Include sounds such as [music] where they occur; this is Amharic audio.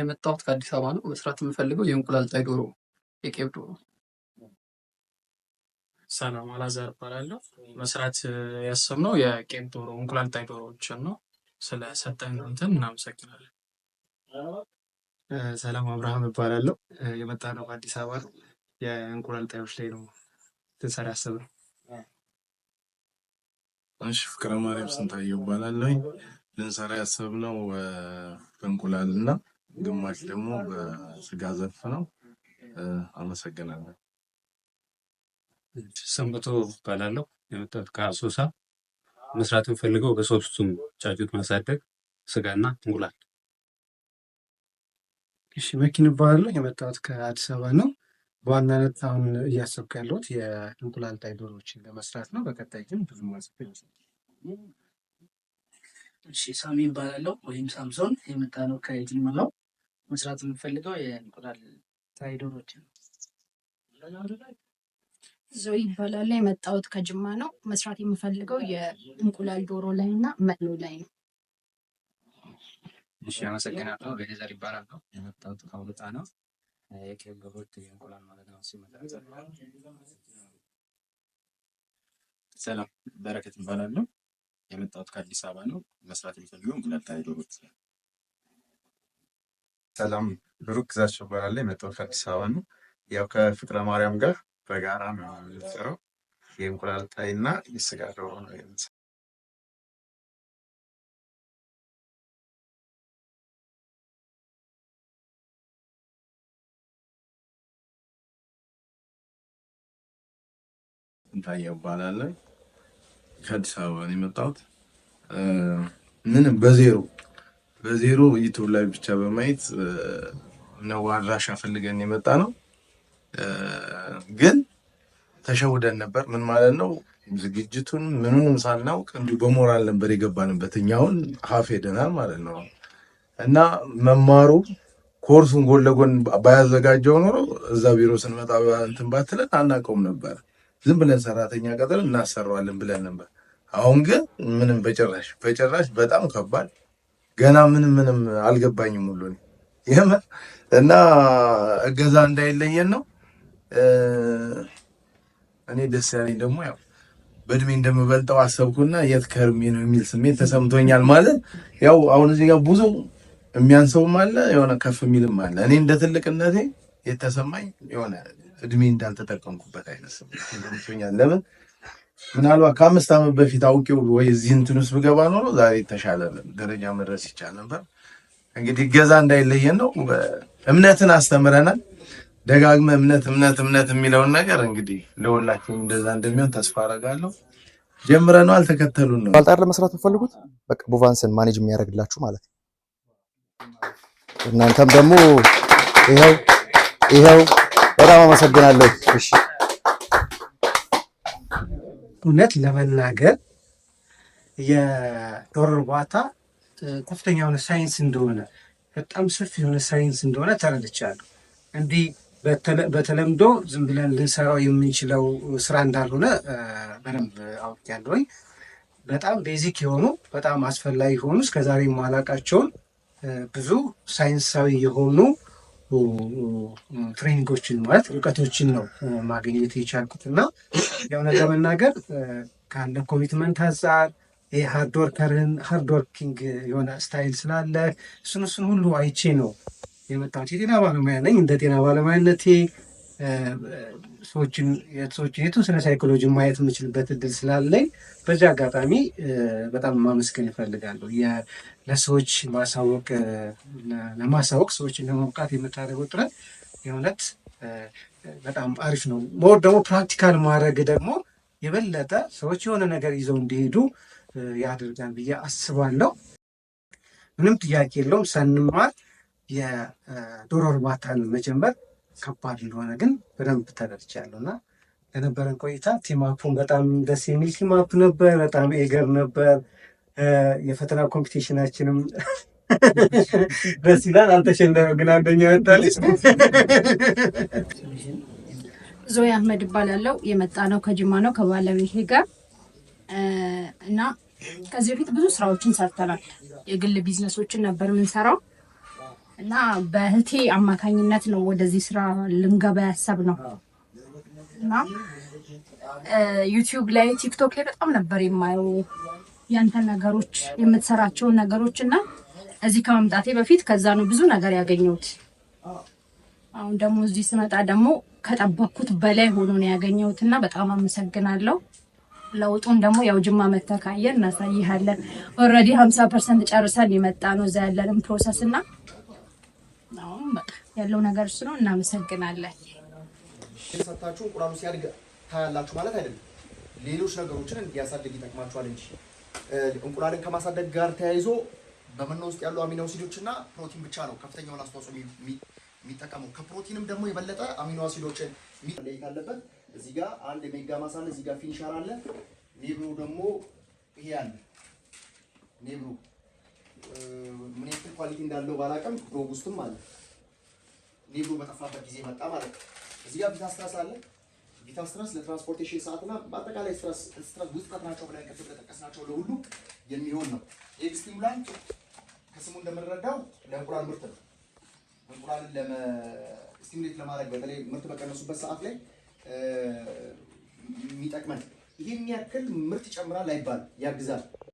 የመጣሁት ከአዲስ አበባ ነው። መስራት የምፈልገው የእንቁላል ጣይ ዶሮ፣ የቄብ ዶሮ። ሰላም አላዛር እባላለሁ። መስራት ያሰብነው የቄብ ዶሮ፣ እንቁላል ጣይ ዶሮዎችን ነው። ስለሰጠን እንትን እናመሰግናለን። ሰላም አብርሃም እባላለሁ። የመጣነው ከአዲስ አበባ ነው። የእንቁላል ጣዮች ላይ ነው ልንሰራ ያሰብነው። እሺ ፍቅረ ማርያም ስንታየው እባላለሁ። ልንሰራ ያሰብነው በእንቁላል እና ግማሽ ደግሞ በስጋ ዘርፍ ነው። አመሰግናለሁ። ሰንበቶ እባላለሁ። የመጣሁት ከአሶሳ መስራት የምፈልገው በሶስቱም ጫጩት ማሳደግ፣ ስጋና እንቁላል። እሺ፣ መኪን እባላለሁ። የመጣሁት ከአዲስ አበባ ነው። በዋናነት አሁን እያሰብኩ ያለሁት የእንቁላል ጣይ ዶሮዎችን ለመስራት ነው። በቀጣይ ግን ብዙ ማሰብ ይመስላል። ሳሚ እባላለሁ ወይም ሳምሶን። የመጣ ነው ከጅማ ነው። መስራት የምፈልገው የእንቁላል ታይ ዶሮዎችን ነው። ዞይ ይባላል። የመጣሁት ከጅማ ነው። መስራት የምፈልገው የእንቁላል ዶሮ ላይ እና መኖ ላይ ነው። እሺ፣ አመሰግናለሁ። ቤዘር ይባላል ነው የመጣሁት ከሁሉጣ ነው። የኬብ የእንቁላል ማለት ነው። ሰላም፣ በረከት ይባላለሁ። የመጣሁት ከአዲስ አበባ ነው። መስራት የሚፈልገው እንቁላል ታይ ዶሮች ነው። ሰላም ብሩክ ግዛቸው እባላለሁ። የመጣሁት ከአዲስ አበባ ነው። ያው ከፍቅረ ማርያም ጋር በጋራ ነው የምንሰራው። የእንቁላል ጣይ እና የስጋ ዶሮ ነው የምንሰራው። እንታየው እባላለሁ። ከአዲስ አበባ ነው የመጣሁት። ምንም በዜሮ በዜሮ ዩቱብ ላይ ብቻ በማየት ነው አድራሻ ፈልገን የመጣ ነው። ግን ተሸውደን ነበር። ምን ማለት ነው? ዝግጅቱን ምኑንም ሳናውቅ እንዲሁ በሞራል ነበር የገባንበት። እኛውን ሀፍ ሄደናል ማለት ነው እና መማሩ ኮርሱን ጎን ለጎን ባያዘጋጀው ኖሮ እዛ ቢሮ ስንመጣ እንትን ባትለን አናውቀውም ነበር። ዝም ብለን ሰራተኛ ቀጥረን እናሰራዋለን ብለን ነበር። አሁን ግን ምንም በጭራሽ በጭራሽ በጣም ከባድ ገና ምንም ምንም አልገባኝም ሁሉ እና እገዛ እንዳይለየን ነው። እኔ ደስ ያለኝ ደግሞ ያው በእድሜ እንደምበልጠው አሰብኩና የት ከርሜ ነው የሚል ስሜት ተሰምቶኛል። ማለት ያው አሁን እዚህ ጋር ብዙ የሚያንሰውም አለ የሆነ ከፍ የሚልም አለ። እኔ እንደ ትልቅነቴ የተሰማኝ የሆነ እድሜ እንዳልተጠቀምኩበት አይነት ስሜት ተሰምቶኛል። ለምን ምናልባት ከአምስት ዓመት በፊት አውቄው ወይ እዚህ እንትን ውስጥ ብገባ ኖሮ ዛሬ የተሻለ ደረጃ መድረስ ይቻል ነበር። እንግዲህ ገዛ እንዳይለየን ነው። እምነትን አስተምረናል። ደጋግመ እምነት እምነት እምነት የሚለውን ነገር እንግዲህ ለሁላችሁም እንደዛ እንደሚሆን ተስፋ አደርጋለሁ። ጀምረነዋል፣ ተከተሉን ነው ባልጣር ለመስራት የምፈልጉት በቃ ቡቫንስን ማኔጅ የሚያደርግላችሁ ማለት ነው። እናንተም ደግሞ ይኸው ይኸው በጣም አመሰግናለሁ። እሺ እውነት ለመናገር የዶሮ እርባታ ከፍተኛ የሆነ ሳይንስ እንደሆነ በጣም ሰፊ የሆነ ሳይንስ እንደሆነ ተረድቻለሁ። እንዲህ በተለምዶ ዝም ብለን ልንሰራው የምንችለው ስራ እንዳልሆነ በደንብ አውቄያለሁኝ። በጣም ቤዚክ የሆኑ በጣም አስፈላጊ የሆኑ እስከዛሬ የማላውቃቸውን ብዙ ሳይንሳዊ የሆኑ ትሬኒንጎችን ማለት እውቀቶችን ነው ማግኘት የቻልኩት እና የእውነት ለመናገር ከአንድ ኮሚትመንት አንጻር ሃርድወርከርን ሃርድወርኪንግ የሆነ ስታይል ስላለ እሱን እሱን ሁሉ አይቼ ነው የመጣሁት። የጤና ባለሙያ ነኝ። እንደ ጤና ባለሙያነቴ ሰዎችን የቱ ሳይኮሎጂ ማየት የምችልበት እድል ስላለኝ በዚህ አጋጣሚ በጣም ማመስገን እፈልጋለሁ ለሰዎች ማሳወቅ ለማሳወቅ ሰዎችን ለማብቃት የምታደርገው ጥረት የእውነት በጣም አሪፍ ነው። ሞር ደግሞ ፕራክቲካል ማድረግ ደግሞ የበለጠ ሰዎች የሆነ ነገር ይዘው እንዲሄዱ ያደርጋል ብዬ አስባለሁ። ምንም ጥያቄ የለውም። ሰንማር የዶሮ እርባታን መጀመር ከባድ እንደሆነ ግን በደንብ ተረድቻለሁ እና ለነበረን ቆይታ ቲማፑን በጣም ደስ የሚል ቲማፕ ነበር። በጣም ኤገር ነበር። የፈተና ኮምፒቴሽናችንም [laughs] ደስ ይላል። አልተሸነፈም ግን አንደኛ ወጣለች። ዞያ አህመድ እባላለሁ። የመጣ ነው ከጅማ ነው ከባለቤቴ ጋር እና ከዚህ በፊት ብዙ ስራዎችን ሰርተናል። የግል ቢዝነሶችን ነበር የምንሰራው እና በእህቴ አማካኝነት ነው ወደዚህ ስራ ልንገባ ያሰብ ነው። እና ዩቲዩብ ላይ ቲክቶክ ላይ በጣም ነበር የማየው ያንተ ነገሮች የምትሰራቸውን ነገሮች እና እዚህ ከመምጣቴ በፊት ከዛ ነው ብዙ ነገር ያገኘሁት። አሁን ደግሞ እዚህ ስመጣ ደግሞ ከጠበኩት በላይ ሆኖ ነው ያገኘሁት እና በጣም አመሰግናለሁ። ለውጡን ደግሞ ያው ጅማ መተህ ካየን እናሳይሃለን። ኦልሬዲ ሀምሳ ፐርሰንት ጨርሰን የመጣ ነው እዛ ያለንም ፕሮሰስ እና ያለው ነገር እሱ ነው። እናመሰግናለን። ሰታችሁ ቁራኑ ሲያድግ ታያላችሁ ማለት አይደለም። ሌሎች ነገሮችን እንዲያሳድግ ይጠቅማችኋል እንጂ እንቁላልን ከማሳደግ ጋር ተያይዞ በመኖ ውስጥ ያሉ አሚኖ አሲዶች እና ፕሮቲን ብቻ ነው ከፍተኛውን አስተዋጽኦ የሚጠቀመው። ከፕሮቲንም ደግሞ የበለጠ አሚኖ አሲዶችን ለየት አለበት። እዚህ ጋር አንድ ሜጋ ማሳለ፣ እዚህ ጋር ፊኒሸር አለ። ኔብሮ ደግሞ ይሄ አለ ኔብሮ ምን ያክል ኳሊቲ እንዳለው ባላቀም ሮቡስትም አለ። ሌብሉ በጠፋበት ጊዜ መጣ ማለት ነው። እዚህ ጋር ቪታስትራስ አለ። ቪታስትራስ ለትራንስፖርቴሽን ሰዓትና በአጠቃላይ ስትራስ ውጥቀት ናቸው ብለን ቅድም ለጠቀስናቸው ለሁሉ የሚሆን ነው። ኤክስቲሙላንት ከስሙ እንደምንረዳው ለእንቁላል ምርት ነው። እንቁላልን ለስቲሙሌት ለማድረግ በተለይ ምርት በቀነሱበት ሰዓት ላይ የሚጠቅመን ይህን ያክል ምርት ጨምራል አይባል ያግዛል።